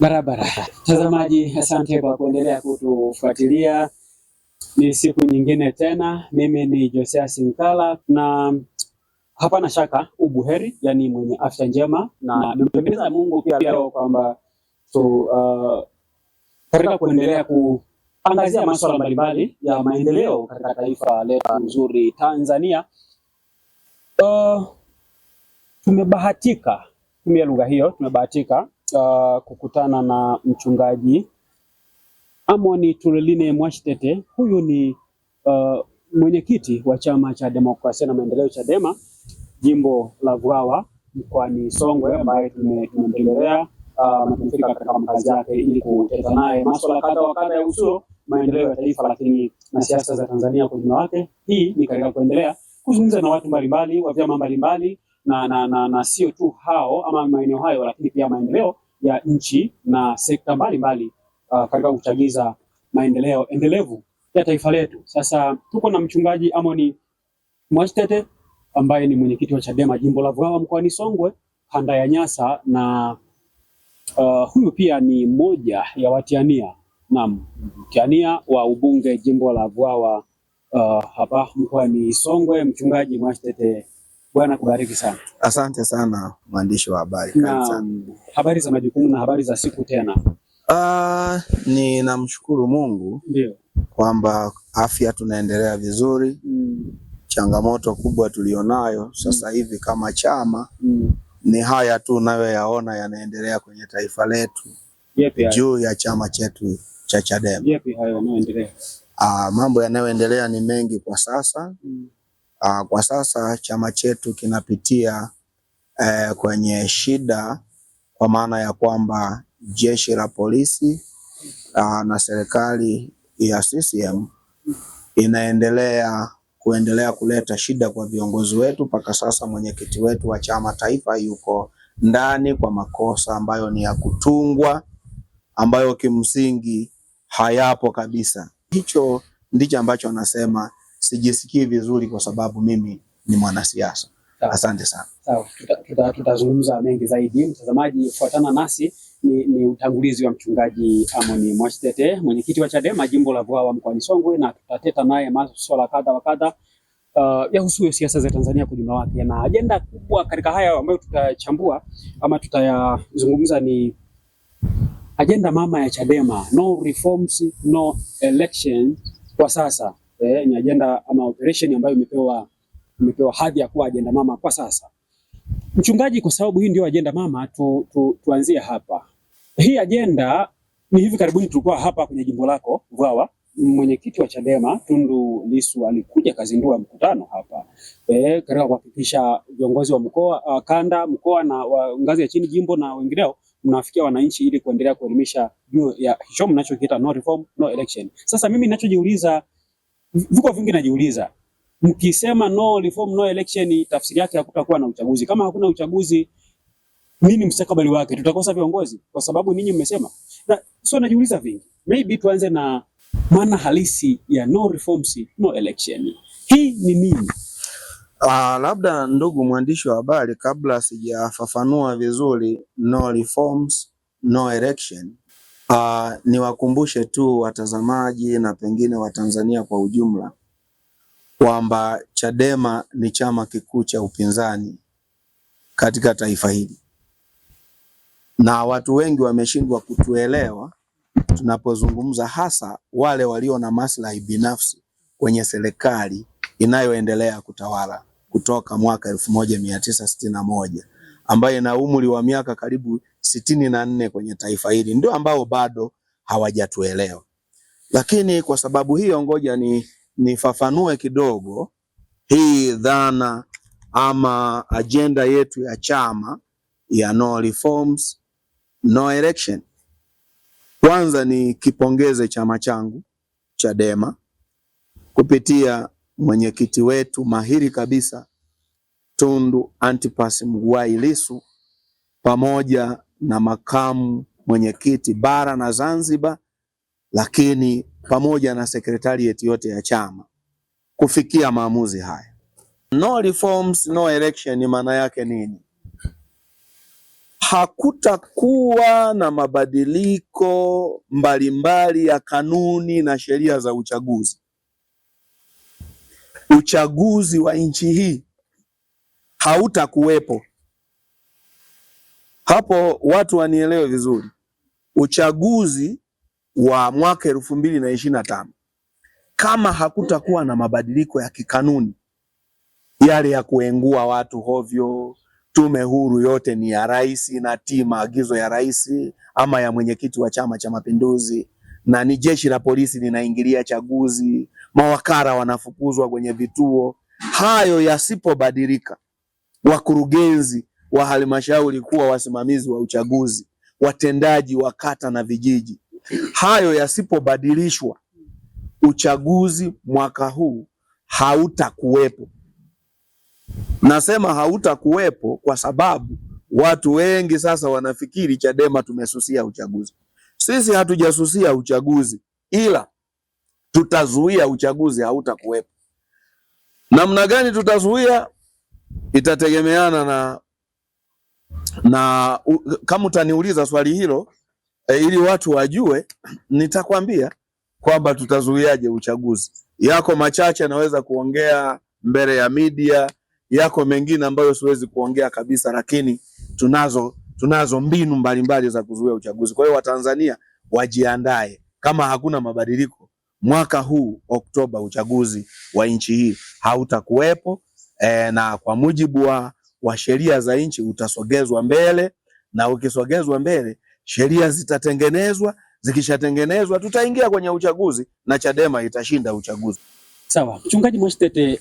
Barabara mtazamaji, asante kwa kuendelea kutufuatilia. Ni siku nyingine tena, mimi ni Josea Sinkala na hapana shaka ubuheri, yani mwenye afya njema, na nimependeza Mungu pia leo kwamba tu uh, katika kuendelea kuangazia masuala mbalimbali ya maendeleo katika taifa letu nzuri Tanzania. Uh, tumebahatika, tumia lugha hiyo, tumebahatika uh, kukutana na mchungaji Amon Tuleline Mwashitete. Huyu ni uh, mwenyekiti wa chama cha demokrasia na maendeleo Chadema jimbo la Vwawa mkoani Songwe, ambaye tumemtembelea uh, katika makazi yake ili kuteta naye masuala kadha wa kadha ya usuo maendeleo ya taifa, lakini na siasa za Tanzania kwa ujumla wake. Hii ni katika kuendelea kuzungumza na watu mbalimbali wa vyama mbalimbali na, na, na, na sio tu hao ama maeneo hayo, lakini pia maendeleo ya nchi na sekta mbalimbali uh, katika kuchagiza maendeleo endelevu ya taifa letu. Sasa tuko na mchungaji Amoni Mwashtete ambaye ni mwenyekiti wa Chadema jimbo la Vwawa mkoani Songwe kanda ya Nyasa na uh, huyu pia ni mmoja ya watiania na mtiania wa ubunge jimbo la Vwawa uh, hapa mkoani Songwe, mchungaji Mwashtete Bwana kubariki sana. Asante sana mwandishi wa habari. Na habari za majukumu na habari za siku tena. Ah, ninamshukuru Mungu ndio kwamba afya tunaendelea vizuri mm. Changamoto kubwa tulionayo mm. sasa mm. hivi kama chama mm. ni haya tu unayoyaona yanaendelea kwenye taifa letu juu ya chama chetu cha Chadema. Yepi hayo yanayoendelea? Ah, mambo yanayoendelea ni mengi kwa sasa mm. Uh, kwa sasa chama chetu kinapitia uh, kwenye shida kwa maana ya kwamba jeshi la polisi uh, na serikali ya CCM inaendelea kuendelea kuleta shida kwa viongozi wetu. Mpaka sasa mwenyekiti wetu wa chama taifa yuko ndani kwa makosa ambayo ni ya kutungwa, ambayo kimsingi hayapo kabisa. Hicho ndicho ambacho anasema sijisikii vizuri kwa sababu mimi ni mwanasiasa. Asante sana. Sawa, tutazungumza tuta, tuta mengi zaidi. Mtazamaji, fuatana nasi. Ni, ni utangulizi wa mchungaji Amoni Mwashitete, mwenyekiti wa Chadema jimbo la Vwawa mkoani Songwe, na tutateta naye masuala kadha wa kadha uh, yahusuyo siasa za Tanzania kwa jumla wake, na ajenda kubwa katika haya ambayo tutachambua ama tutayazungumza ni ajenda mama ya Chadema, no reforms, no election kwa sasa eh, ni ajenda ama operation ambayo imepewa imepewa hadhi ya kuwa ajenda mama kwa sasa. Mchungaji, kwa sababu hii ndio ajenda mama tu, tu, tuanzie hapa. Hii ajenda ni hivi karibuni tulikuwa hapa kwenye jimbo lako Vwawa, mwenyekiti wa Chadema Tundu Lissu alikuja kazindua mkutano hapa eh, katika kuhakikisha viongozi wa mkoa kanda, mkoa na wa ngazi ya chini, jimbo na wengineo mnafikia wananchi ili kuendelea kuelimisha juu ya hicho mnachokiita no reform no election. Sasa mimi ninachojiuliza viko vingi najiuliza, mkisema no reform no election, tafsiri yake hakutakuwa na uchaguzi. Kama hakuna uchaguzi, nini mustakabali wake? Tutakosa viongozi kwa sababu ninyi mmesema na, so najiuliza vingi. Maybe tuanze na maana halisi ya no reforms no election, hii ni nini? Uh, labda ndugu mwandishi wa habari, kabla sijafafanua vizuri no reforms no election Uh, niwakumbushe tu watazamaji na pengine Watanzania kwa ujumla kwamba Chadema ni chama kikuu cha upinzani katika taifa hili, na watu wengi wameshindwa kutuelewa tunapozungumza, hasa wale walio na maslahi binafsi kwenye serikali inayoendelea kutawala kutoka mwaka 1961 ambayo ina umri wa miaka karibu sitini na nne kwenye taifa hili, ndio ambao bado hawajatuelewa. Lakini kwa sababu hiyo, ngoja ni nifafanue kidogo hii dhana ama ajenda yetu ya chama ya no reforms, no election. Kwanza ni kipongeze chama changu Chadema kupitia mwenyekiti wetu mahiri kabisa Tundu Antipas mguai lisu pamoja na makamu mwenyekiti bara na Zanzibar, lakini pamoja na sekretarieti yote ya chama kufikia maamuzi haya. No reforms, no election, maana yake nini? Hakutakuwa na mabadiliko mbalimbali ya kanuni na sheria za uchaguzi. Uchaguzi wa nchi hii hautakuwepo hapo watu wanielewe vizuri, uchaguzi wa mwaka elfu mbili na ishirini na tano kama hakutakuwa na mabadiliko ya kikanuni yale ya kuengua watu hovyo, tume huru yote ni ya rais, tii maagizo ya rais ama ya mwenyekiti wa Chama cha Mapinduzi, na ni jeshi la polisi linaingilia chaguzi, mawakala wanafukuzwa kwenye vituo. Hayo yasipobadilika, wakurugenzi wa halmashauri kuwa wasimamizi wa uchaguzi, watendaji wa kata na vijiji. Hayo yasipobadilishwa, uchaguzi mwaka huu hautakuwepo. Nasema hautakuwepo kwa sababu watu wengi sasa wanafikiri Chadema tumesusia uchaguzi. Sisi hatujasusia uchaguzi, ila tutazuia uchaguzi hautakuwepo. Namna gani tutazuia, itategemeana na na u, kama utaniuliza swali hilo e, ili watu wajue, nitakwambia kwamba tutazuiaje uchaguzi. Yako machache naweza kuongea mbele ya media, yako mengine ambayo siwezi kuongea kabisa, lakini tunazo tunazo mbinu mbalimbali za kuzuia uchaguzi. Kwa hiyo Watanzania wajiandae, kama hakuna mabadiliko mwaka huu Oktoba, uchaguzi wa nchi hii hautakuwepo. E, na kwa mujibu wa wa sheria za nchi utasogezwa mbele, na ukisogezwa mbele sheria zitatengenezwa. Zikishatengenezwa tutaingia kwenye uchaguzi na Chadema itashinda uchaguzi. Sawa, Mchungaji Mwashitete,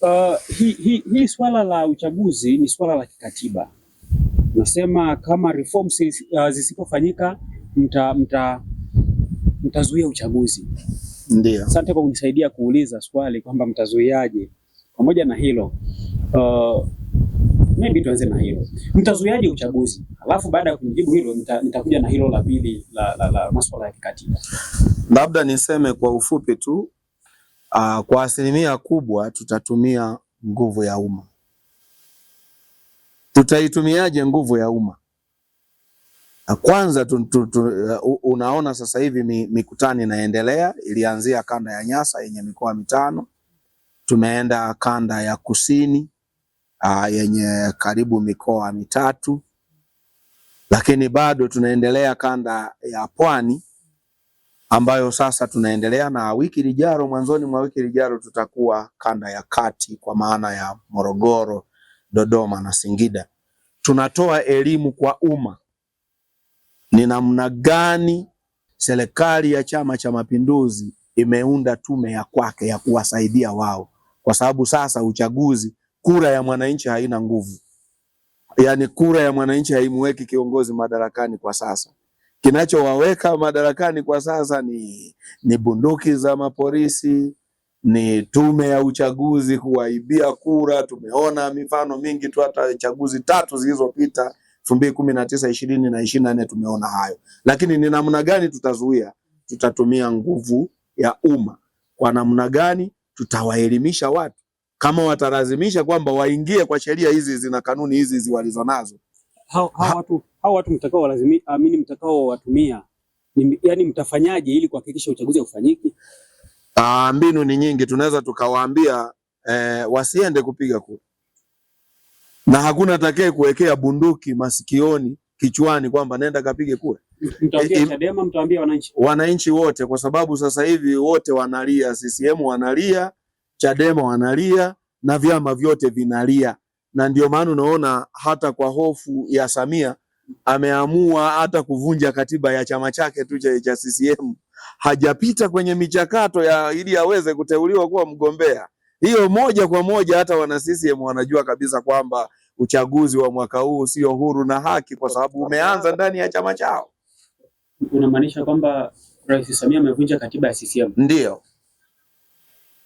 uh, hii hi, hi swala la uchaguzi ni swala la kikatiba. Nasema kama reforms uh, zisipofanyika mtazuia mta, mtazuia uchaguzi. Ndio. Asante kwa kunisaidia kuuliza swali kwamba mtazuiaje. Pamoja na hilo uh, Maybe tuanze na hilo. Mtazuiaje uchaguzi? Alafu baada ya kujibu hilo nitakuja na hilo la pili la, la, la masuala ya kikatiba. Labda niseme kwa ufupi tu uh, kwa asilimia kubwa tutatumia nguvu ya umma. Tutaitumiaje nguvu ya umma? Kwanza tu, tu, tu, uh, unaona sasa hivi mikutano inaendelea. Ilianzia kanda ya Nyasa yenye mikoa mitano, tumeenda kanda ya kusini uh, yenye karibu mikoa mitatu, lakini bado tunaendelea kanda ya Pwani ambayo sasa tunaendelea na wiki lijaro, mwanzoni mwa wiki lijaro tutakuwa kanda ya kati kwa maana ya Morogoro, Dodoma na Singida. Tunatoa elimu kwa umma ni namna gani serikali ya Chama cha Mapinduzi imeunda tume ya kwake ya kuwasaidia wao, kwa sababu sasa uchaguzi kura ya mwananchi haina nguvu, yaani kura ya mwananchi haimweki kiongozi madarakani kwa sasa. Kinachowaweka madarakani kwa sasa ni, ni bunduki za mapolisi, ni tume ya uchaguzi kuwaibia kura. Tumeona mifano mingi tu, hata chaguzi tatu zilizopita 2019, mbili kumi na tisa ishirini na tumeona hayo. Lakini ni namna gani tutazuia? Tutatumia nguvu ya umma. Kwa namna gani tutawaelimisha watu kama watalazimisha kwamba waingie kwa sheria hizi hizi na kanuni hizi hizi walizonazo, hao ha, ha, watu hao watu mtakao walazimi amini ah, mtakao watumia ni, yani, mtafanyaje ili kuhakikisha uchaguzi ufanyike? Ah, mbinu ni nyingi, tunaweza tukawaambia eh, wasiende kupiga kura, na hakuna atakaye kuwekea bunduki masikioni kichwani kwamba nenda kapige kura. Mtaambia Chadema, mtawaambia wananchi, wananchi wote, kwa sababu sasa hivi wote wanalia, CCM wanalia Chadema wanalia na vyama vyote vinalia, na ndio maana unaona hata kwa hofu ya Samia ameamua hata kuvunja katiba ya chama chake tu cha CCM. Hajapita kwenye michakato ya ili aweze kuteuliwa kuwa mgombea. Hiyo moja kwa moja hata wana CCM wanajua kabisa kwamba uchaguzi wa mwaka huu sio huru na haki, kwa sababu umeanza ndani ya chama chao. Unamaanisha kwamba Rais Samia amevunja katiba ya CCM? Ndio.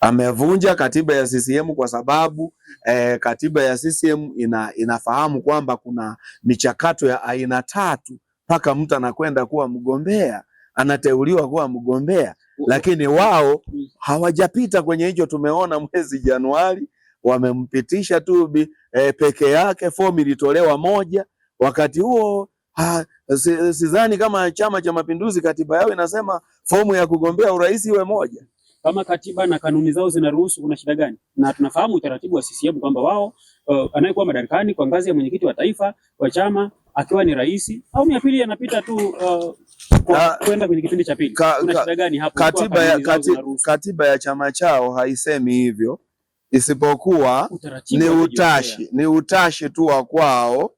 Amevunja katiba ya CCM kwa sababu eh, katiba ya CCM ina, inafahamu kwamba kuna michakato ya aina tatu mpaka mtu anakwenda kuwa mgombea, anateuliwa kuwa mgombea, lakini wao hawajapita kwenye hicho. Tumeona mwezi Januari wamempitisha tu eh, peke yake, fomu ilitolewa moja. Wakati huo sidhani kama Chama cha Mapinduzi katiba yao inasema fomu ya kugombea urais iwe moja kama katiba na kanuni zao zinaruhusu, kuna shida gani? Na tunafahamu utaratibu wa CCM kwamba wao uh, anayekuwa madarakani kwa ngazi ya mwenyekiti wa taifa wa chama akiwa ni rais au ya pili yanapita tu uh, ah, kwenda kwenye kipindi cha pili. Kuna shida gani hapo? Katiba ya, kati, katiba ya chama chao haisemi hivyo, isipokuwa ni utashi ni utashi tu wa kwao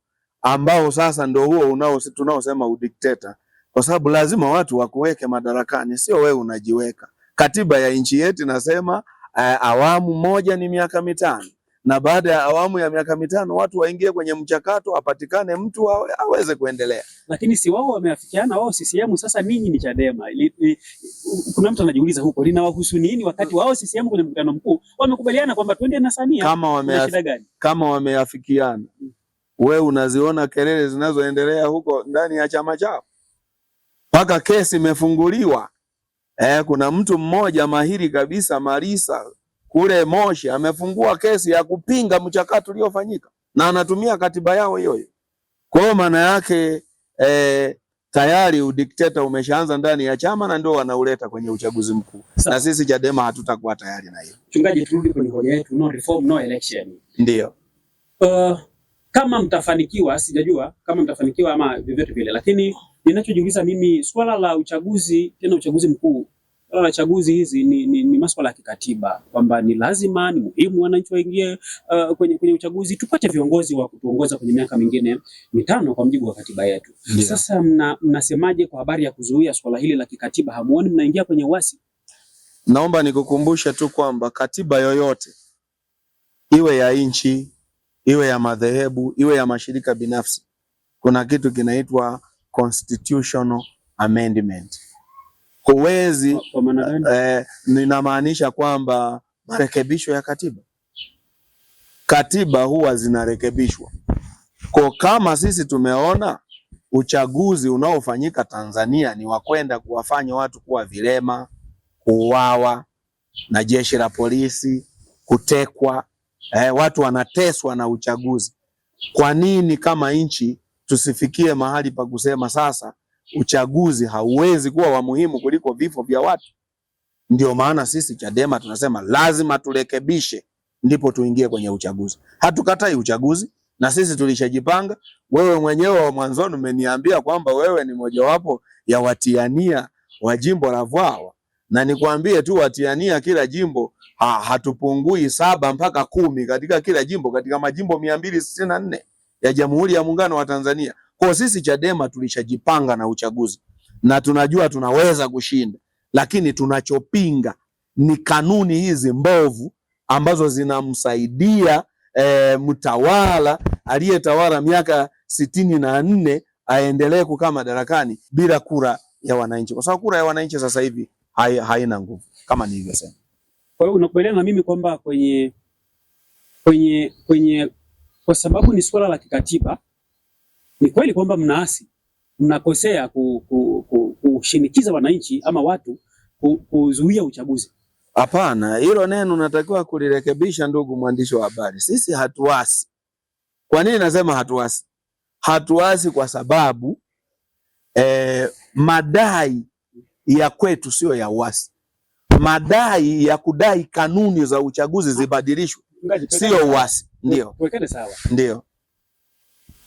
ambao sasa ndio huo unao tunaosema udikteta, kwa sababu lazima watu wakuweke madarakani, sio wewe unajiweka. Katiba ya nchi yetu inasema uh, awamu moja ni miaka mitano na baada ya awamu ya miaka mitano watu waingie kwenye mchakato, apatikane mtu aweze kuendelea. Lakini si wao wameafikiana wao CCM, sasa ninyi ni Chadema. Li, li, kuna mtu anajiuliza huko linawahusu nini, wakati wao CCM kwenye mkutano mkuu wamekubaliana kwamba twende na Samia. Kama wameafikiana, kama wameafikiana, wewe unaziona kelele zinazoendelea huko ndani ya chama chao, mpaka kesi imefunguliwa Eh, kuna mtu mmoja mahiri kabisa Marisa kule Moshi amefungua kesi ya kupinga mchakato uliofanyika na anatumia katiba yao hiyo hiyo. Kwa maana yake eh, tayari udikteta umeshaanza ndani ya chama na ndio wanauleta kwenye uchaguzi mkuu. Na sisi Chadema hatutakuwa tayari na hiyo. Mchungaji, turudi kwenye hoja yetu no reform no election. Ndio. Uh, kama mtafanikiwa sijajua kama mtafanikiwa ama vyovyote vile lakini Ninachojiuliza mimi swala la uchaguzi, tena uchaguzi mkuu, swala la chaguzi hizi ni, ni, ni maswala ya kikatiba kwamba ni lazima, ni muhimu wananchi waingie uh, kwenye, kwenye uchaguzi tupate viongozi wa kutuongoza kwenye miaka mingine mitano kwa mjibu wa katiba yetu yeah. Sasa mna, mnasemaje kwa habari ya kuzuia swala hili la kikatiba? Hamuoni mnaingia kwenye uasi? Naomba nikukumbushe tu kwamba katiba yoyote iwe ya nchi iwe ya madhehebu iwe ya mashirika binafsi, kuna kitu kinaitwa constitutional amendment. Huwezi eh, ninamaanisha kwamba marekebisho ya katiba. Katiba huwa zinarekebishwa kwa, kama sisi tumeona uchaguzi unaofanyika Tanzania ni wa kwenda kuwafanya watu kuwa vilema, kuuawa na jeshi la polisi, kutekwa eh, watu wanateswa na uchaguzi. Kwa nini kama nchi tusifikie mahali pa kusema sasa uchaguzi hauwezi kuwa wa muhimu kuliko vifo vya watu. Ndio maana sisi Chadema tunasema lazima turekebishe, ndipo tuingie kwenye uchaguzi. Hatukatai uchaguzi na sisi tulishajipanga. Wewe mwenyewe wa mwanzoni umeniambia kwamba wewe ni mojawapo ya watiania wa jimbo la Vwawa, na nikwambie tu watiania kila jimbo ha, hatupungui saba mpaka kumi katika kila jimbo, katika majimbo mia mbili sitini na nne ya Jamhuri ya Muungano wa Tanzania. Kwa sisi Chadema tulishajipanga na uchaguzi na tunajua tunaweza kushinda, lakini tunachopinga ni kanuni hizi mbovu ambazo zinamsaidia e, mtawala aliyetawala miaka sitini na nne aendelee kukaa madarakani bila kura ya wananchi, kwa sababu kura ya wananchi sasa hivi haina nguvu kama nilivyosema. Kwa hiyo unakubaliana na mimi kwamba kwenye kwenye kwenye kwa sababu ni suala la kikatiba. Ni kweli kwamba mnaasi, mnakosea kushinikiza ku, ku, ku, wananchi ama watu kuzuia ku uchaguzi. Hapana, hilo neno natakiwa kulirekebisha, ndugu mwandishi wa habari. Sisi hatuasi. Kwa nini nasema hatuasi? Hatuasi kwa sababu eh, madai ya kwetu siyo ya uasi. Madai ya kudai kanuni za uchaguzi zibadilishwe siyo uasi ndio tuwekane sawa, ndio.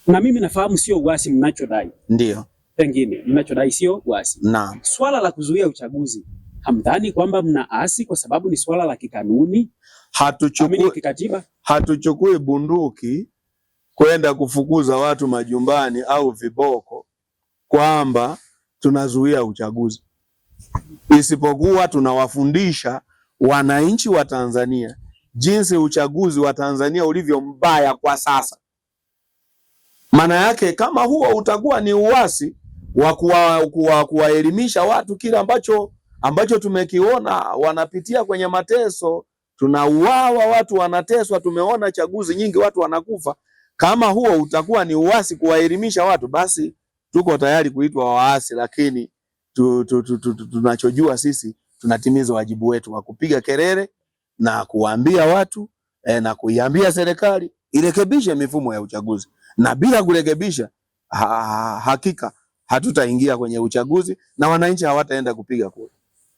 Na mimi nafahamu sio uasi mnachodai, ndio, pengine mnachodai sio uasi. Naam, swala la kuzuia uchaguzi hamdhani kwamba asi kwa sababu ni swala la kikanuni? Hatuchukui kikatiba, hatuchukui bunduki kwenda kufukuza watu majumbani au viboko kwamba tunazuia uchaguzi, isipokuwa tunawafundisha wananchi wa Tanzania jinsi uchaguzi wa Tanzania ulivyo mbaya kwa sasa. Maana yake kama huo utakuwa ni uasi wa kuwaelimisha watu kile ambacho ambacho tumekiona wanapitia kwenye mateso, tunauawa, watu wanateswa. Tumeona chaguzi nyingi watu wanakufa. Kama huo utakuwa ni uasi kuwaelimisha watu, basi tuko tayari kuitwa waasi, lakini tu, tu, tu, tu, tu, tunachojua sisi tunatimiza wajibu wetu wa kupiga kelele na kuwaambia watu eh, na kuiambia serikali irekebishe mifumo ya uchaguzi, na bila kurekebisha ha, ha, hakika hatutaingia kwenye uchaguzi na wananchi hawataenda kupiga kura.